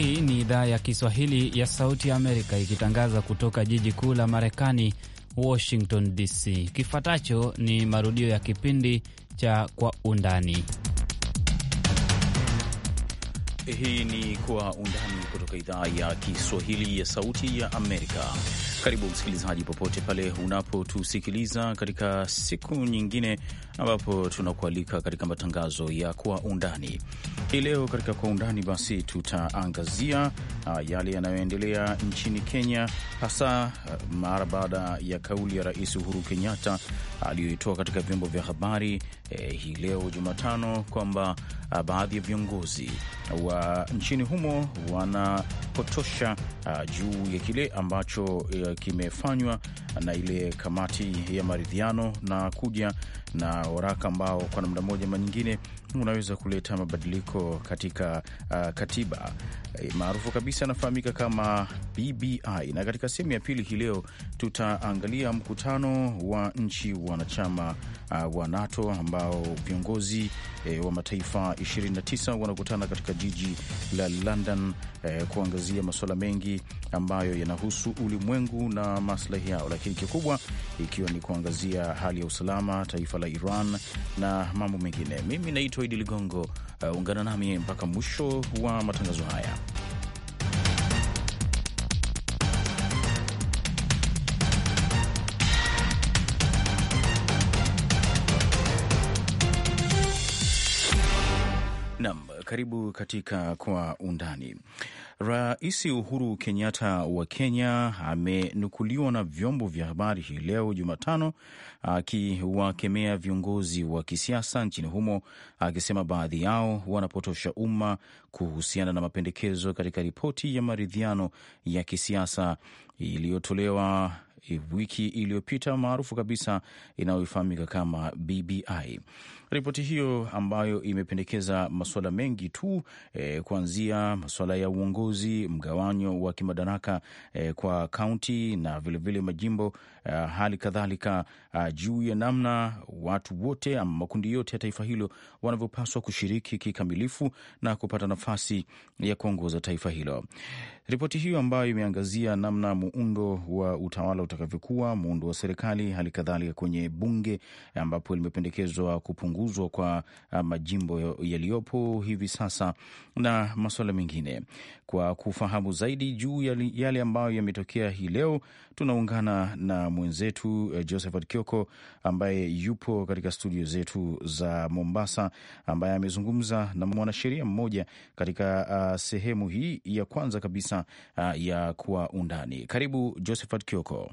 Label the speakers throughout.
Speaker 1: Hii ni idhaa ya Kiswahili ya Sauti ya Amerika ikitangaza kutoka jiji kuu la Marekani, Washington DC. Kifuatacho ni marudio ya kipindi cha Kwa Undani. Hii ni Kwa Undani kutoka idhaa ya Kiswahili ya Sauti ya Amerika. Karibu msikilizaji, popote pale unapotusikiliza katika siku nyingine ambapo tunakualika katika matangazo ya Kwa Undani. Hii leo katika Kwa Undani basi tutaangazia ah, yale yanayoendelea nchini Kenya, hasa ah, mara baada ya kauli ya Rais Uhuru Kenyatta aliyoitoa katika vyombo vya habari e, hii leo Jumatano kwamba ah, baadhi ya viongozi wa nchini humo wanapotosha juu ya kile ambacho eh, kimefanywa na ile kamati ya maridhiano na kuja na waraka ambao kwa namna moja ama nyingine unaweza kuleta mabadiliko katika uh, katiba eh, maarufu kabisa anafahamika kama BBI. Na katika sehemu ya pili hii leo tutaangalia mkutano wa nchi wanachama uh, wa NATO ambao viongozi eh, wa mataifa 29 wanakutana katika jiji la London eh, kuangazia masuala mengi ambayo yanahusu ulimwengu na maslahi yao, lakini kikubwa ikiwa ni kuangazia hali ya usalama taifa la Iran na mambo mengine. Mimi naitwa naitwa Idi Ligongo. Uh, ungana nami mpaka mwisho wa matangazo haya. Nam, karibu katika Kwa Undani. Rais Uhuru Kenyatta wa Kenya amenukuliwa na vyombo vya habari hii leo Jumatano akiwakemea viongozi wa kisiasa nchini humo, akisema baadhi yao wanapotosha umma kuhusiana na mapendekezo katika ripoti ya maridhiano ya kisiasa iliyotolewa wiki iliyopita maarufu kabisa inayofahamika kama BBI. Ripoti hiyo ambayo imependekeza masuala mengi tu e, kuanzia masuala ya uongozi, mgawanyo wa kimadaraka e, kwa kaunti na vilevile vile majimbo eh, hali kadhalika eh, juu ya namna watu wote ama makundi yote ya taifa hilo wanavyopaswa kushiriki kikamilifu na kupata nafasi ya kuongoza taifa hilo. Ripoti hiyo ambayo imeangazia namna muundo wa utawala utakavyokuwa, muundo wa serikali, hali kadhalika kwenye bunge, ambapo limependekezwa kupunguzwa kwa uh, majimbo yaliyopo hivi sasa na masuala mengine. Kwa kufahamu zaidi juu yale ambayo yametokea hii leo, tunaungana na mwenzetu uh, Josephat Kioko ambaye yupo katika studio zetu za Mombasa, ambaye amezungumza na mwanasheria mmoja katika uh, sehemu hii ya kwanza kabisa uh, ya Kwa Undani. Karibu Josephat Kioko.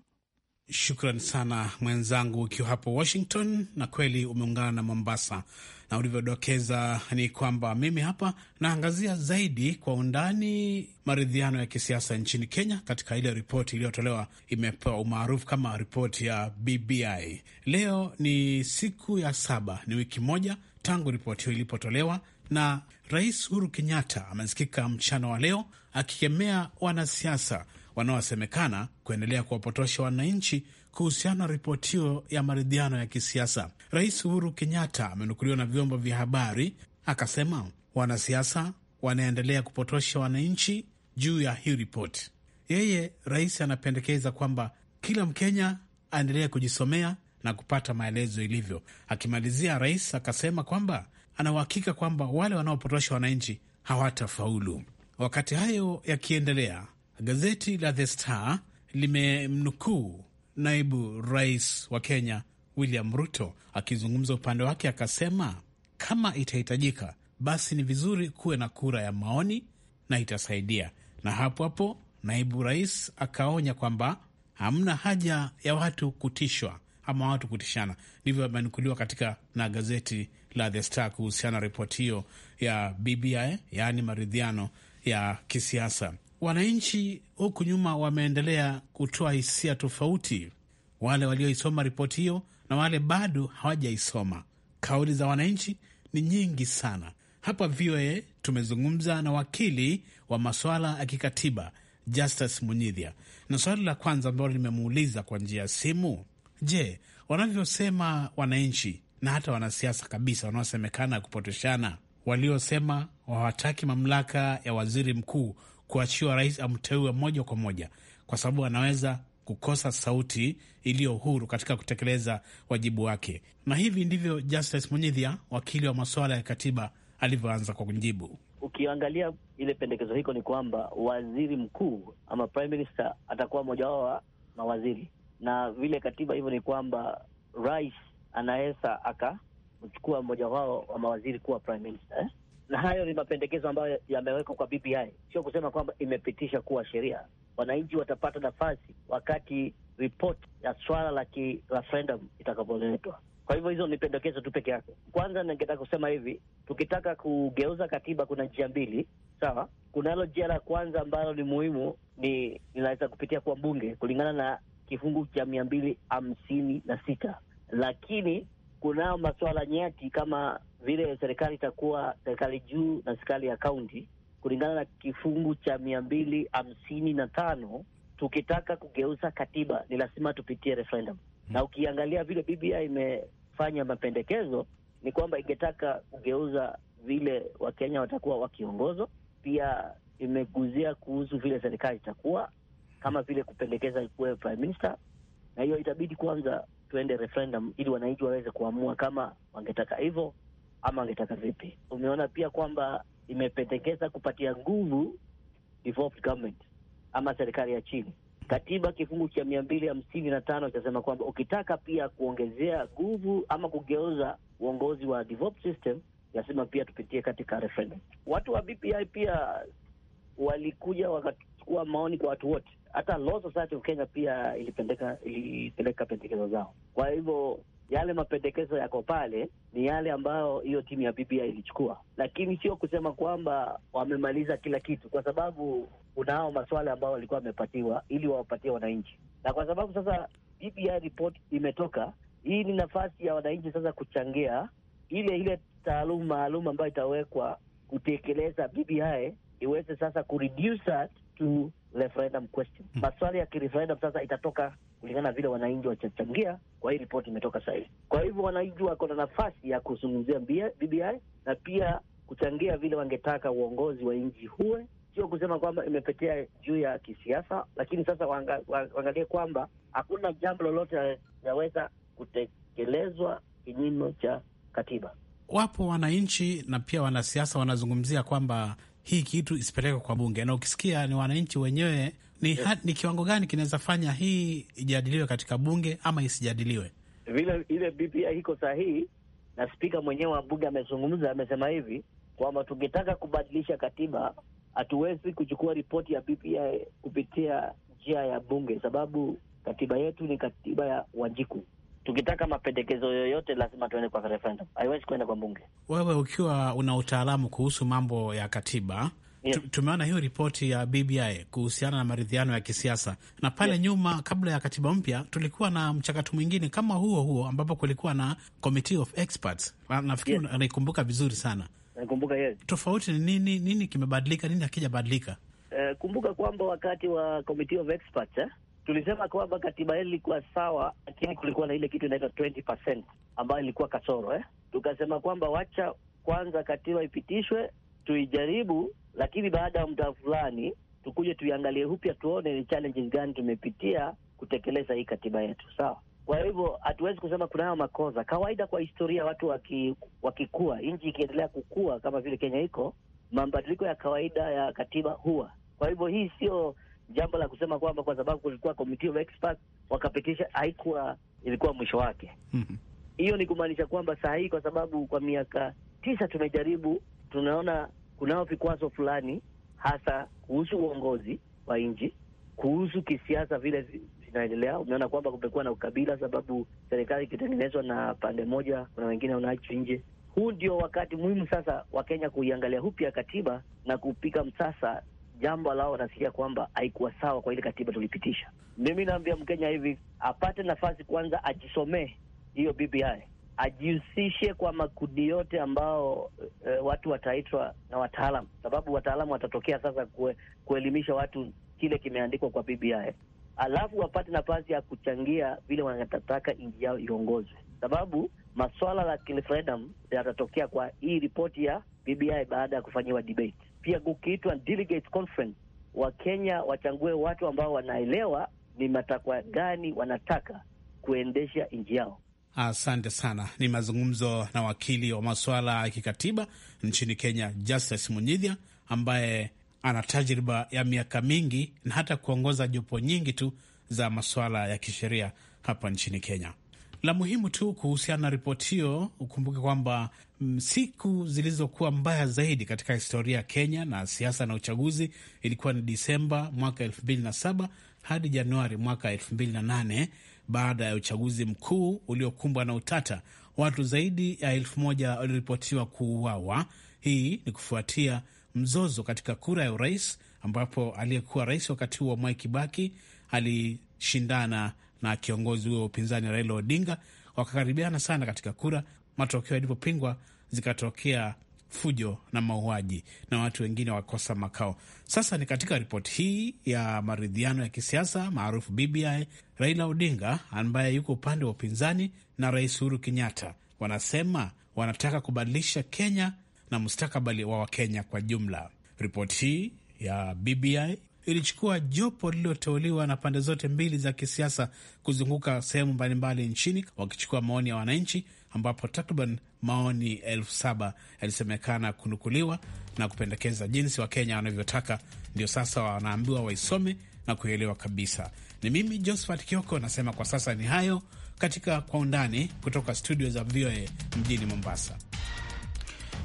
Speaker 2: Shukran sana mwenzangu, ukiwa hapo Washington, na kweli umeungana na Mombasa, na ulivyodokeza ni kwamba mimi hapa naangazia zaidi kwa undani maridhiano ya kisiasa nchini Kenya, katika ile ripoti iliyotolewa imepewa umaarufu kama ripoti ya BBI. Leo ni siku ya saba, ni wiki moja tangu ripoti hiyo ilipotolewa, na Rais Uhuru Kenyatta amesikika mchana wa leo akikemea wanasiasa wanaosemekana kuendelea kuwapotosha wananchi kuhusiana na ripoti hiyo ya maridhiano ya kisiasa. Rais Uhuru Kenyatta amenukuliwa na vyombo vya habari akasema wanasiasa wanaendelea kupotosha wananchi juu ya hii ripoti. Yeye rais anapendekeza kwamba kila Mkenya aendelee kujisomea na kupata maelezo ilivyo. Akimalizia, rais akasema kwamba anauhakika kwamba wale wanaopotosha wananchi hawatafaulu. Wakati hayo yakiendelea, gazeti la The Star limemnukuu naibu rais wa Kenya William Ruto akizungumza upande wake, akasema kama itahitajika, basi ni vizuri kuwe na kura ya maoni na itasaidia. Na hapo hapo naibu rais akaonya kwamba hamna haja ya watu kutishwa ama watu kutishana. Ndivyo amenukuliwa katika na gazeti la The Star kuhusiana na ripoti hiyo ya BBI, yaani maridhiano ya kisiasa. Wananchi huku nyuma wameendelea kutoa hisia tofauti, wale walioisoma ripoti hiyo na wale bado hawajaisoma. Kauli za wananchi ni nyingi sana. Hapa VOA tumezungumza na wakili wa masuala ya kikatiba Justus Munyidhia, na swali la kwanza ambalo limemuuliza kwa njia ya simu, je, wanavyosema wananchi na hata wanasiasa kabisa wanaosemekana kupotoshana waliosema hawataki mamlaka ya waziri mkuu kuachiwa rais amteue moja kwa moja, kwa sababu anaweza kukosa sauti iliyo huru katika kutekeleza wajibu wake. Na hivi ndivyo Justice Munyidhia, wakili wa masuala ya katiba, alivyoanza kwa kujibu.
Speaker 3: Ukiangalia ile pendekezo hiko ni kwamba waziri mkuu ama prime minister atakuwa mmoja wao wa mawaziri, na vile katiba hivyo ni kwamba rais anaweza aka kuchukua mmoja wao wa mawaziri kuwa prime minister eh? Na hayo ni mapendekezo ambayo yamewekwa kwa BBI, sio kusema kwamba imepitisha kuwa sheria. Wananchi watapata nafasi wakati ripoti ya swala la kireferendum itakapoletwa. Kwa hivyo hizo ni pendekezo tu peke yake. Kwanza ningetaka kusema hivi, tukitaka kugeuza katiba kuna njia mbili, sawa. Kunalo njia la kwanza ambalo ni muhimu, ni linaweza kupitia kwa bunge kulingana na kifungu cha mia mbili hamsini na sita lakini kunao masuala nyeti kama vile serikali itakuwa serikali juu na serikali ya kaunti kulingana na kifungu cha mia mbili hamsini na tano. Tukitaka kugeuza katiba ni lazima tupitie referendum, na ukiangalia vile BBI imefanya mapendekezo ni kwamba ingetaka kugeuza vile Wakenya watakuwa wakiongozwa. Pia imeguzia kuhusu vile serikali itakuwa kama vile kupendekeza ikuwe prime minister, na hiyo itabidi kwanza tuende referendum ili wananchi waweze kuamua kama wangetaka hivyo ama wangetaka vipi. Umeona pia kwamba imependekeza kupatia nguvu devolved government ama serikali ya chini. Katiba kifungu cha mia mbili hamsini na tano chasema kwamba ukitaka pia kuongezea nguvu ama kugeuza uongozi wa devolved system lazima pia tupitie katika referendum. Watu wa BPI pia walikuja wakachukua maoni kwa watu wote hata Law Society of Kenya pia ilipendeka ilipeleka pendekezo zao. Kwa hivyo yale mapendekezo yako pale ni yale ambayo hiyo timu ya BBI ilichukua, lakini sio kusema kwamba wamemaliza kila kitu, kwa sababu kunao maswala ambayo walikuwa wamepatiwa ili wawapatie wananchi, na kwa sababu sasa BBI report imetoka, hii ni nafasi ya wananchi sasa kuchangia ile ile taaluma maalum ambayo itawekwa kutekeleza BBI iweze sasa kureduce that to referendum question. Hmm. Maswali ya kireferendum sasa itatoka kulingana na vile wananchi wachachangia kwa hii ripoti imetoka sahihi. Kwa hivyo wananchi wako na nafasi ya kuzungumzia BBI na pia kuchangia vile wangetaka uongozi wa nchi huwe, sio kusema kwamba imepetea juu ya kisiasa, lakini sasa waangalie wanga, kwamba hakuna jambo lolote linaweza kutekelezwa kinyume cha katiba.
Speaker 2: Wapo wananchi na pia wanasiasa wanazungumzia kwamba hii kitu isipelekwe kwa bunge, na ukisikia ni wananchi wenyewe ni, yes. Ni kiwango gani kinaweza fanya hii ijadiliwe katika bunge ama isijadiliwe?
Speaker 3: Vile ile BPI iko sahihi, na spika mwenyewe wa bunge amezungumza, amesema hivi kwamba tungetaka kubadilisha katiba, hatuwezi kuchukua ripoti ya BPI kupitia njia ya bunge, sababu katiba yetu ni katiba ya Wanjiku tukitaka mapendekezo yoyote lazima tuende kwa referendum, haiwezi kuenda kwa bunge.
Speaker 2: Wewe ukiwa una utaalamu kuhusu mambo ya katiba Yes. Tumeona hiyo ripoti ya BBI kuhusiana na maridhiano ya kisiasa na pale yes. Nyuma, kabla ya katiba mpya, tulikuwa na mchakato mwingine kama huo huo ambapo kulikuwa na committee of experts. Nafikiri yes. Naikumbuka vizuri sana naikumbuka, yes. Tofauti ni nini? Nini kimebadilika? Nini hakijabadilika?
Speaker 3: Uh, kumbuka kwamba wakati wa committee of experts, eh? tulisema kwamba katiba hili ilikuwa sawa, lakini kulikuwa na ile kitu inaitwa 20% ambayo ilikuwa kasoro eh? Tukasema kwamba wacha kwanza katiba ipitishwe, tuijaribu, lakini baada ya muda fulani tukuje tuiangalie upya, tuone ni challenges gani tumepitia kutekeleza hii katiba yetu, sawa. Kwa hivyo hatuwezi kusema kunayo makosa. Kawaida kwa historia, watu waki, wakikua, nchi ikiendelea kukua kama vile Kenya iko, mabadiliko ya kawaida ya katiba huwa. Kwa hivyo hii sio jambo la kusema kwamba kwa sababu kulikuwa committee of experts wakapitisha, haikuwa ilikuwa mwisho wake mhm. hiyo. Ni kumaanisha kwamba saa hii, kwa sababu kwa miaka tisa tumejaribu, tunaona kunao vikwazo fulani, hasa kuhusu uongozi wa nchi, kuhusu kisiasa vile zinaendelea. Umeona kwamba kumekuwa na ukabila, sababu serikali ikitengenezwa na pande moja, kuna wengine wanaachwa nje. Huu ndio wakati muhimu sasa wa Kenya kuiangalia upya katiba na kupika msasa jambo lao wanasikia kwamba haikuwa sawa kwa ile katiba tulipitisha. Mimi naambia Mkenya hivi, apate nafasi kwanza, ajisomee hiyo BBI, ajihusishe kwa makundi yote ambao e, watu wataitwa na wataalam, sababu wataalam watatokea sasa kue, kuelimisha watu kile kimeandikwa kwa BBI, alafu wapate nafasi ya kuchangia vile wanataka nchi yao iongozwe, sababu maswala la referendum yatatokea kwa hii ripoti ya BBI baada ya kufanyiwa debate pia kukiitwa delegates conference, Wakenya wachangue watu ambao wanaelewa ni matakwa gani wanataka kuendesha nchi yao.
Speaker 2: Asante sana. Ni mazungumzo na wakili wa masuala ya kikatiba nchini Kenya, Justice Munyidhia, ambaye ana tajriba ya miaka mingi na hata kuongoza jopo nyingi tu za masuala ya kisheria hapa nchini Kenya. La muhimu tu kuhusiana na ripoti hiyo, ukumbuke kwamba mm, siku zilizokuwa mbaya zaidi katika historia ya Kenya na siasa na uchaguzi ilikuwa ni Disemba mwaka saba hadi Januari mwaka nane baada ya uchaguzi mkuu uliokumbwa na utata. Watu zaidi ya elfu moja waliripotiwa kuuawa. Hii ni kufuatia mzozo katika kura ya urais ambapo aliyekuwa rais wakati huo Mwai Kibaki alishindana na kiongozi huyo wa upinzani Raila Odinga wakakaribiana sana katika kura, matokeo yalipopingwa zikatokea fujo na mauaji na watu wengine wakosa makao. Sasa ni katika ripoti hii ya maridhiano ya kisiasa maarufu BBI, Raila Odinga ambaye yuko upande wa upinzani na Rais Uhuru Kenyatta wanasema wanataka kubadilisha Kenya na mustakabali wa Wakenya kwa jumla. Ripoti hii ya BBI ilichukua jopo lililoteuliwa na pande zote mbili za kisiasa kuzunguka sehemu mbalimbali nchini wakichukua maoni ya wananchi, ambapo takriban maoni elfu saba yalisemekana kunukuliwa na kupendekeza jinsi Wakenya wanavyotaka. Ndio sasa wanaambiwa waisome na kuielewa kabisa. Ni mimi Josephat Kioko nasema kwa sasa ni hayo katika Kwa Undani kutoka studio za VOA mjini Mombasa.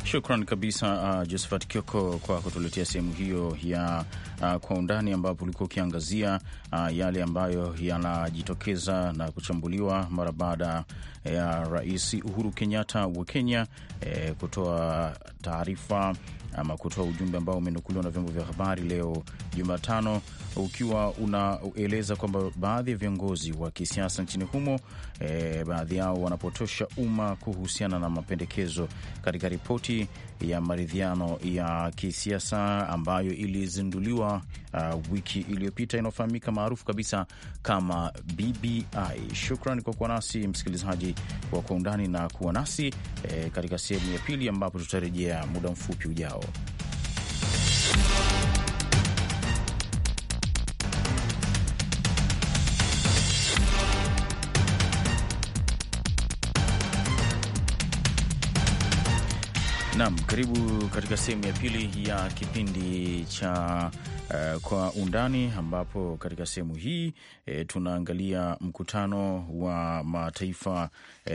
Speaker 1: Shukran kabisa uh, Josephat Kioko kwa kutuletea sehemu hiyo ya uh, kwa undani ambapo ulikuwa ukiangazia uh, yale ambayo yanajitokeza na kuchambuliwa mara baada ya Rais Uhuru Kenyatta wa Kenya eh, kutoa taarifa ama kutoa ujumbe ambao umenukuliwa na vyombo vya habari leo Jumatano, ukiwa unaeleza kwamba baadhi ya viongozi wa kisiasa nchini humo e, baadhi yao wanapotosha umma kuhusiana na mapendekezo katika ripoti ya maridhiano ya kisiasa ambayo ilizinduliwa uh, wiki iliyopita inayofahamika maarufu kabisa kama BBI. Shukran kwa kuwa nasi msikilizaji wa Kwa Undani na kuwa nasi e, katika sehemu ya pili ambapo tutarejea muda mfupi ujao yao. Nam, karibu katika sehemu ya pili ya kipindi cha uh, kwa undani ambapo katika sehemu hii e, tunaangalia mkutano wa mataifa e,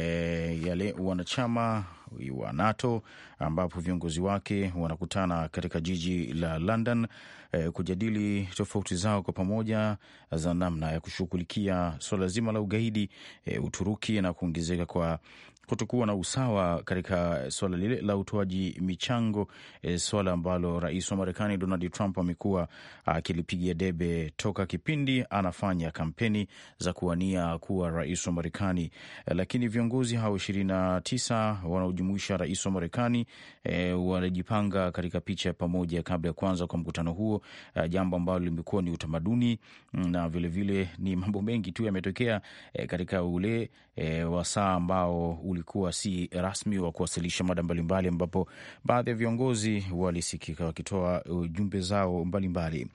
Speaker 1: yale wanachama wa NATO ambapo viongozi wake wanakutana katika jiji la London eh, kujadili tofauti zao kwa pamoja za namna ya kushughulikia suala so zima la ugaidi eh, Uturuki na kuongezeka kwa kutokuwa na usawa katika eh, swala lile la utoaji michango e, swala ambalo rais wa Marekani Donald Trump amekuwa ah, akilipigia debe toka kipindi anafanya kampeni za kuwania kuwa rais wa Marekani. E, lakini viongozi hao ishirini na tisa wanaojumuisha rais wa Marekani e, wanajipanga katika picha pamoja kabla ya kwanza kwa mkutano huo, e, jambo ambalo limekuwa ni utamaduni mm, na vilevile vile, ni mambo mengi tu yametokea e, katika ule e, wasaa ambao ulikuwa si rasmi wa kuwasilisha mada mbalimbali, ambapo baadhi ya viongozi walisikika wakitoa uh, jumbe zao mbalimbali mbali.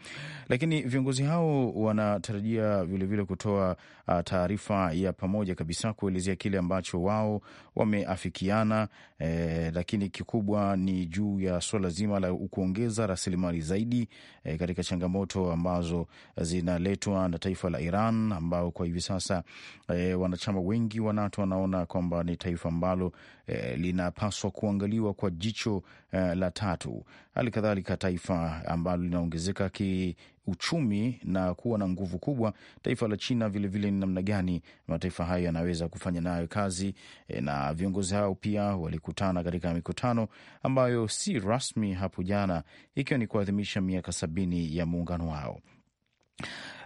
Speaker 1: Lakini viongozi hao wanatarajia vilevile kutoa uh, taarifa ya pamoja kabisa kuelezea kile ambacho wao wameafikiana, eh, lakini kikubwa ni juu ya suala zima la kuongeza rasilimali zaidi eh, katika changamoto ambazo zinaletwa na taifa la Iran ambao kwa hivi sasa eh, wanachama wengi wa NATO wanaona kwamba ni taifa ambalo eh, linapaswa kuangaliwa kwa jicho eh, la tatu. Hali kadhalika taifa ambalo linaongezeka ki uchumi na kuwa na nguvu kubwa, taifa la China vilevile, ni namna gani mataifa hayo yanaweza kufanya nayo kazi. Eh, na viongozi hao pia walikutana katika mikutano ambayo si rasmi hapo jana, ikiwa ni kuadhimisha miaka sabini ya muungano wao.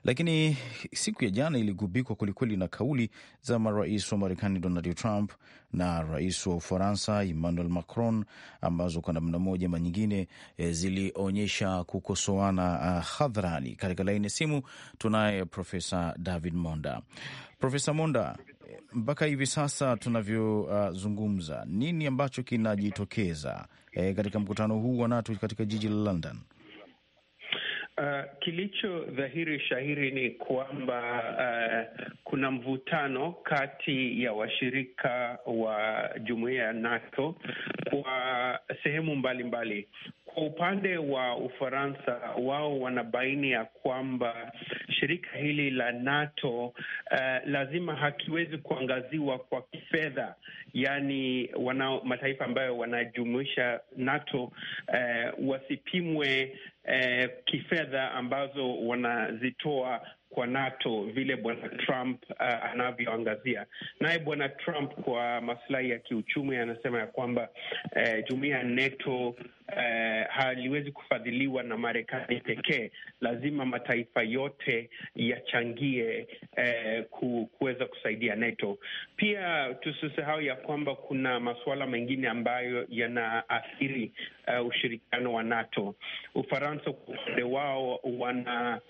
Speaker 1: Lakini siku ya jana iligubikwa kwelikweli na kauli za marais wa Marekani Donald Trump na rais wa Ufaransa Emmanuel Macron ambazo kwa namna moja ama nyingine e, zilionyesha kukosoana ah, hadharani. Katika laini ya simu tunaye Profesa David Monda. Profesa Monda, mpaka hivi sasa tunavyozungumza, uh, nini ambacho kinajitokeza e, katika mkutano huu wa NATO katika jiji la London?
Speaker 4: Uh, kilicho dhahiri shahiri ni kwamba uh, kuna mvutano kati ya washirika wa jumuiya ya NATO kwa sehemu mbalimbali mbali. Kwa upande wa Ufaransa, wao wanabaini ya kwamba shirika hili la NATO uh, lazima hakiwezi kuangaziwa kwa kifedha, yani wana mataifa ambayo wanajumuisha NATO uh, wasipimwe eh, kifedha ambazo wanazitoa kwa NATO vile bwana Trump uh, anavyoangazia. Naye bwana Trump kwa masilahi ya kiuchumi anasema ya kwamba eh, jumuiya ya NATO eh, haliwezi kufadhiliwa na Marekani pekee. Lazima mataifa yote yachangie eh, kuweza kusaidia NATO. Pia tusisahau ya kwamba kuna masuala mengine ambayo yanaathiri uh, ushirikiano wa NATO. Ufaransa kwa upande wao wana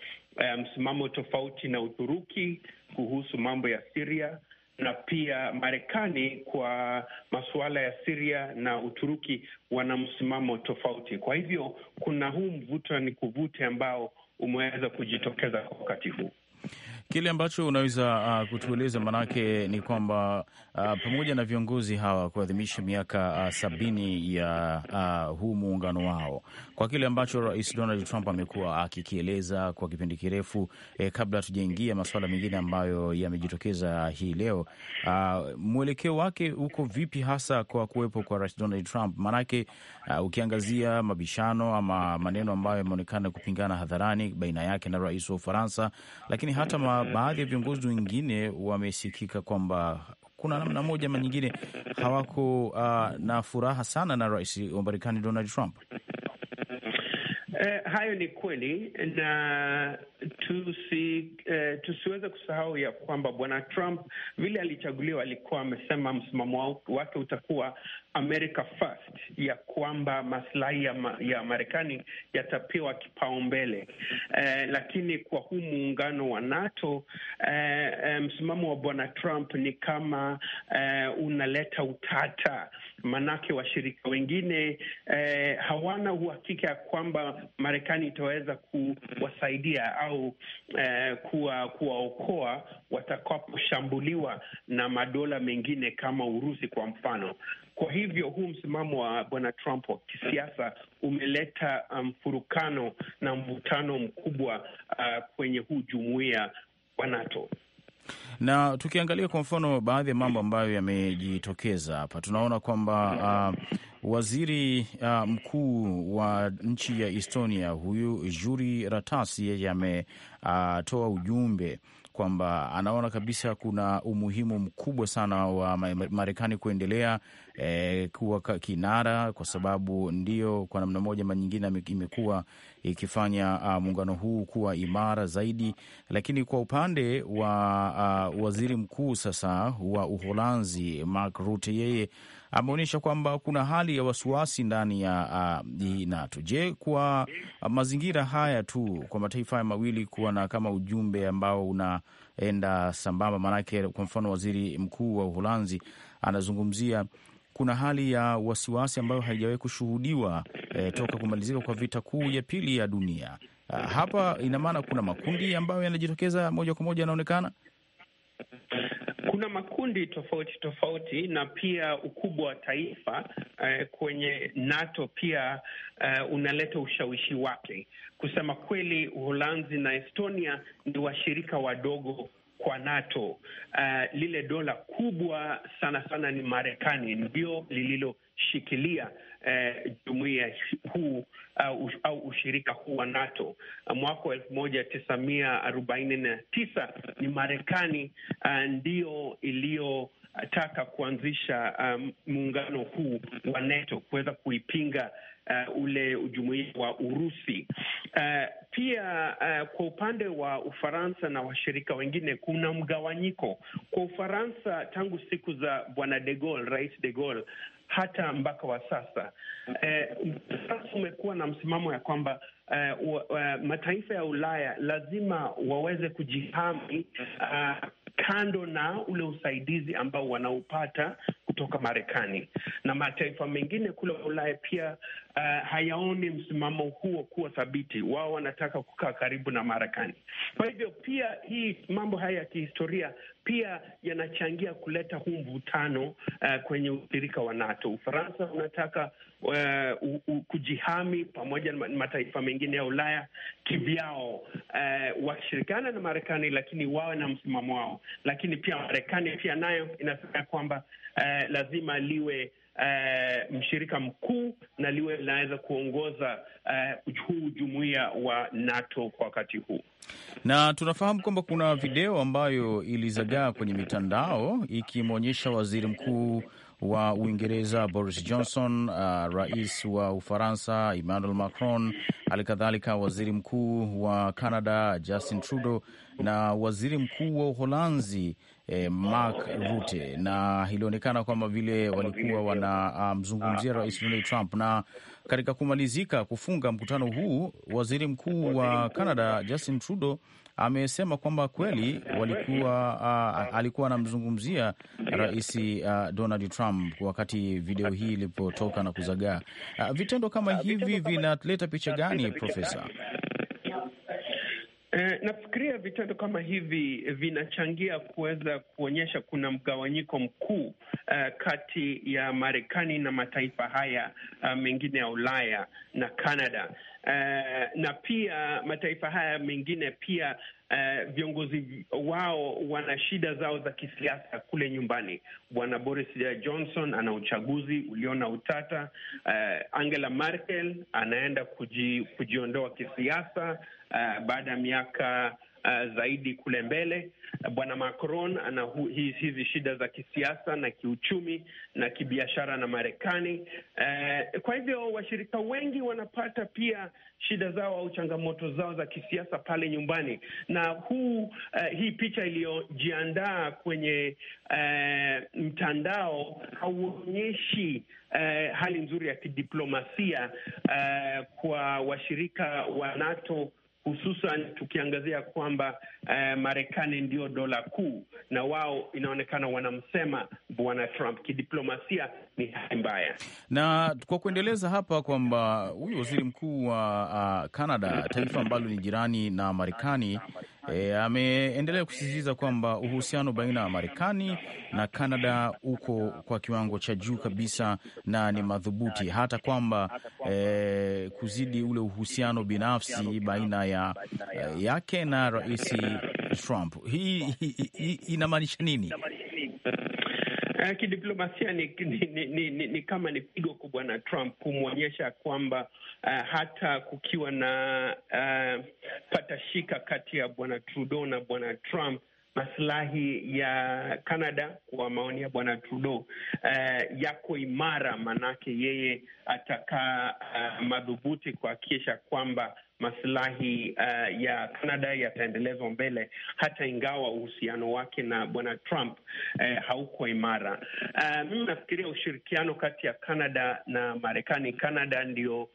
Speaker 4: eh, msimamo um, tofauti na Uturuki kuhusu mambo ya Siria na pia Marekani kwa masuala ya Siria na Uturuki wana msimamo tofauti. Kwa hivyo kuna huu mvuto ni kuvute ambao umeweza kujitokeza kwa wakati huu.
Speaker 1: Kile ambacho unaweza uh, kutueleza, maanake ni kwamba Uh, pamoja na viongozi hawa kuadhimisha miaka uh, sabini ya uh, huu muungano wao kwa kile ambacho Rais Donald Trump amekuwa akikieleza kwa kipindi kirefu eh, kabla hatujaingia masuala mengine ambayo yamejitokeza hii leo, uh, mwelekeo wake uko vipi hasa kwa kuwepo kwa Rais Donald Trump? Maanake uh, ukiangazia mabishano ama maneno ambayo yameonekana kupingana hadharani baina yake na rais wa Ufaransa, lakini hata baadhi ya viongozi wengine wamesikika kwamba kuna namna moja ama nyingine hawako uh, na furaha sana na rais wa Marekani Donald Trump.
Speaker 4: Eh, hayo ni kweli na tusi, eh, tusiweze kusahau ya kwamba bwana Trump vile alichaguliwa alikuwa amesema msimamo wake utakuwa America first, ya kwamba maslahi ya, ma, ya Marekani yatapewa kipaumbele eh, lakini kwa huu muungano wa NATO eh, eh msimamo wa bwana Trump ni kama eh, unaleta utata, manake washirika wengine eh, hawana uhakika ya kwamba Marekani itaweza kuwasaidia au eh, kuwa kuwaokoa watakaposhambuliwa na madola mengine kama Urusi kwa mfano. Kwa hivyo huu msimamo wa bwana Trump wa kisiasa umeleta mfurukano um, na mvutano mkubwa uh, kwenye huu jumuiya wa NATO
Speaker 1: na tukiangalia kwa mfano baadhi ya mambo ambayo yamejitokeza hapa, tunaona kwamba uh, Waziri uh, mkuu wa nchi ya Estonia huyu Juri Ratas yeye ametoa uh, ujumbe kwamba anaona kabisa kuna umuhimu mkubwa sana wa Marekani kuendelea eh, kuwa kinara kwa sababu ndio kwa namna moja ama nyingine imekuwa ikifanya uh, muungano huu kuwa imara zaidi. Lakini kwa upande wa uh, waziri mkuu sasa wa Uholanzi Mark Rutte, yeye ameonyesha kwamba kuna hali ya wasiwasi ndani ya uh, NATO. Je, kwa uh, mazingira haya tu kwa mataifa haya mawili kuwa na kama ujumbe ambao unaenda sambamba, maanake kwa mfano waziri mkuu wa Uholanzi anazungumzia kuna hali ya wasiwasi ambayo haijawahi kushuhudiwa eh, toka kumalizika kwa vita kuu ya pili ya dunia. Uh, hapa ina maana kuna makundi ambayo yanajitokeza moja kwa moja yanaonekana
Speaker 4: kuna makundi tofauti tofauti na pia ukubwa wa taifa eh, kwenye NATO pia eh, unaleta ushawishi wake. Kusema kweli, Uholanzi na Estonia ni washirika wadogo kwa NATO. Uh, lile dola kubwa sana sana ni Marekani ndio lililoshikilia Eh, jumuia huu au, au ushirika huu wa NATO mwaka wa elfu moja tisa mia arobaini na tisa ni Marekani uh, iliyo taka kuanzisha um, muungano huu wa NATO kuweza kuipinga uh, ule ujumuia wa Urusi. Uh, pia uh, kwa upande wa Ufaransa na washirika wengine kuna mgawanyiko. Kwa Ufaransa tangu siku za bwana de Gaulle, rais de Gaulle hata mpaka wa sasa sasa, uh, umekuwa na msimamo ya kwamba uh, uh, mataifa ya Ulaya lazima waweze kujihami uh, kando na ule usaidizi ambao wanaupata kutoka Marekani na mataifa mengine kule Ulaya pia uh, hayaoni msimamo huo kuwa thabiti. Wao wanataka kukaa karibu na Marekani. Kwa hivyo pia hii mambo haya ya kihistoria pia yanachangia kuleta huu mvutano uh, kwenye ushirika wa NATO. Ufaransa unataka uh, eh, u, u, kujihami pamoja na mataifa mengine ya Ulaya kivyao, uh, washirikana na Marekani, lakini wawe na msimamo wao. Lakini pia Marekani pia nayo inasema kwamba eh, lazima liwe eh, mshirika mkuu na liwe linaweza kuongoza eh, huu jumuiya wa NATO kwa wakati huu.
Speaker 1: Na tunafahamu kwamba kuna video ambayo ilizagaa kwenye mitandao ikimwonyesha waziri mkuu wa Uingereza Boris Johnson, uh, rais wa Ufaransa Emmanuel Macron, hali kadhalika waziri mkuu wa Canada Justin Trudeau na waziri mkuu wa Uholanzi eh, Mark Rutte, na ilionekana kwamba vile walikuwa wanamzungumzia um, rais Donald Trump. Na katika kumalizika kufunga mkutano huu, waziri mkuu wa Canada Justin Trudeau amesema kwamba kweli walikuwa uh, alikuwa anamzungumzia rais uh, Donald Trump wakati video hii ilipotoka na kuzagaa. Uh, vitendo kama uh, hivi vinaleta picha gani, Profesa?
Speaker 4: Eh, nafikiria vitendo kama hivi vinachangia kuweza kuonyesha kuna mgawanyiko mkuu uh, kati ya Marekani na mataifa haya uh, mengine ya Ulaya na Canada. Uh, na pia mataifa haya mengine pia uh, viongozi wao wana shida zao za kisiasa kule nyumbani. Bwana Boris Johnson ana uchaguzi ulio na utata. Uh, Angela Merkel anaenda kuji, kujiondoa kisiasa uh, baada ya miaka uh, zaidi kule mbele Bwana Macron ana hizi, hizi shida za kisiasa na kiuchumi na kibiashara na Marekani. Uh, kwa hivyo washirika wengi wanapata pia shida zao au changamoto zao za kisiasa pale nyumbani, na huu uh, hii picha iliyojiandaa kwenye uh, mtandao hauonyeshi uh, hali nzuri ya kidiplomasia uh, kwa washirika wa NATO hususan tukiangazia kwamba eh, Marekani ndio dola kuu na wao inaonekana wanamsema bwana Trump. Kidiplomasia ni hali mbaya,
Speaker 1: na kwa kuendeleza hapa kwamba huyu waziri mkuu wa uh, Canada, taifa ambalo ni jirani na Marekani E, ameendelea kusisitiza kwamba uhusiano baina ya Marekani na Kanada uko kwa kiwango cha juu kabisa na ni madhubuti, hata kwamba e, kuzidi ule uhusiano binafsi baina ya e, yake na Rais Trump. Hii hi, hi, hi, inamaanisha nini?
Speaker 4: Uh, kidiplomasia ni, ni, ni, ni, ni kama ni pigo kubwa na Trump kumwonyesha kwamba uh, hata kukiwa na uh, patashika kati ya bwana Trudeau na bwana Trump masilahi ya Canada kwa maoni ya bwana Trudeau uh, yako imara, manake yeye atakaa uh, madhubuti kuhakikisha kwamba masilahi uh, ya Canada yataendelezwa mbele hata ingawa uhusiano wake na bwana Trump eh, hauko imara. Uh, mimi nafikiria ushirikiano kati ya Canada na Marekani, Canada ndio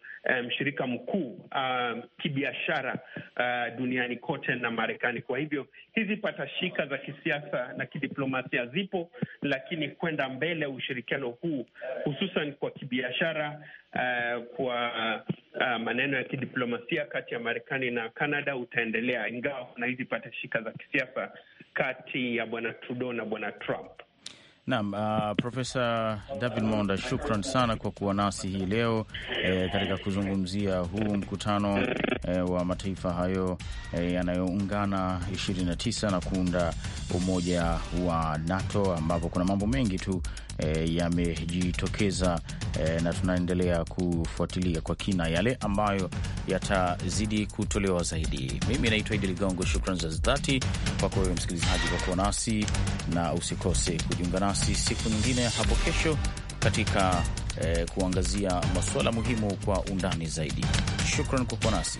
Speaker 4: mshirika um, mkuu uh, kibiashara uh, duniani kote na Marekani. Kwa hivyo hizi patashika za kisiasa na kidiplomasia zipo, lakini kwenda mbele ushirikiano huu hususan kwa kibiashara uh, kwa uh, maneno ya kidiplomasia kati ya Marekani na Kanada utaendelea, ingawa kuna hizi patashika za kisiasa kati ya bwana Trudeau na bwana Trump.
Speaker 1: Naam, uh, Profesa David Monda, shukran sana kwa kuwa nasi hii leo eh, katika kuzungumzia huu mkutano eh, wa mataifa hayo eh, yanayoungana 29 na kuunda umoja wa NATO ambapo kuna mambo mengi tu Eh, yamejitokeza e, na tunaendelea kufuatilia kwa kina yale ambayo yatazidi kutolewa zaidi. Mimi naitwa Idi Ligongo, shukran za dhati kwako wewe msikilizaji kwa kuwa nasi, na usikose kujiunga nasi siku nyingine hapo kesho katika e, kuangazia masuala muhimu kwa undani zaidi. Shukran kwa kuwa nasi.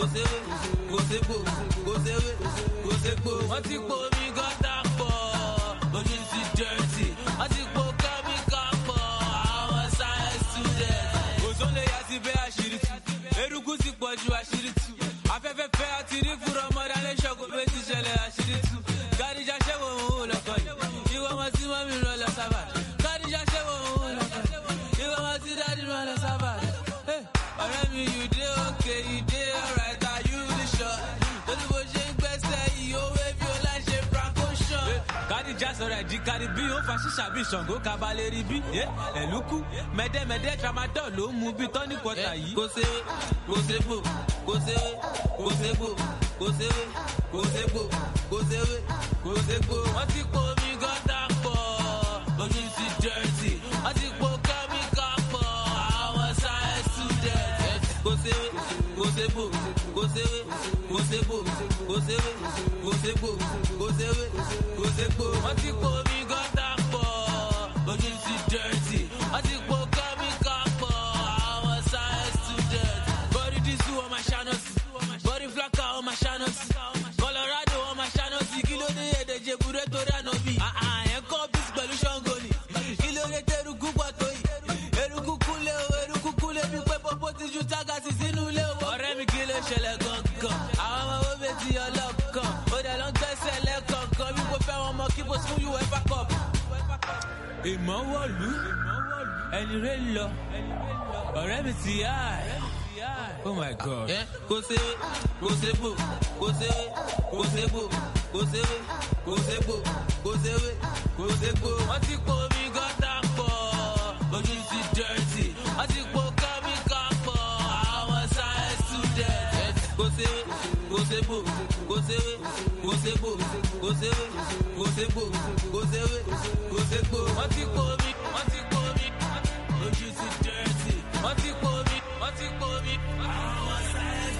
Speaker 5: kò séwé kò ségbò kò séwé do ségbò wọ́n ti ṣàngó you bí ẹ̀lúkú mẹ́dẹ́mẹ́dẹ́ tramadol ló mu bí tọ́ní kọta yìí. kò ṣe kò ṣe gbò kò ṣe kò wọ́n ti gọ́tà pọ̀ sí wọ́n ti po pọ̀ àwọn student. wọ́n ti gọ́tà but it's dirty. I think Oh my God. kò kò kó student ṣe gbò kò ṣe wé kò ṣe gbò kò ṣe wé kò ṣe gbò. wọ́n ti po mi wọ́n ti po mi ojú ti dẹ́rẹ́tì wọ́n ti po mi wọ́n ti po mi àwọn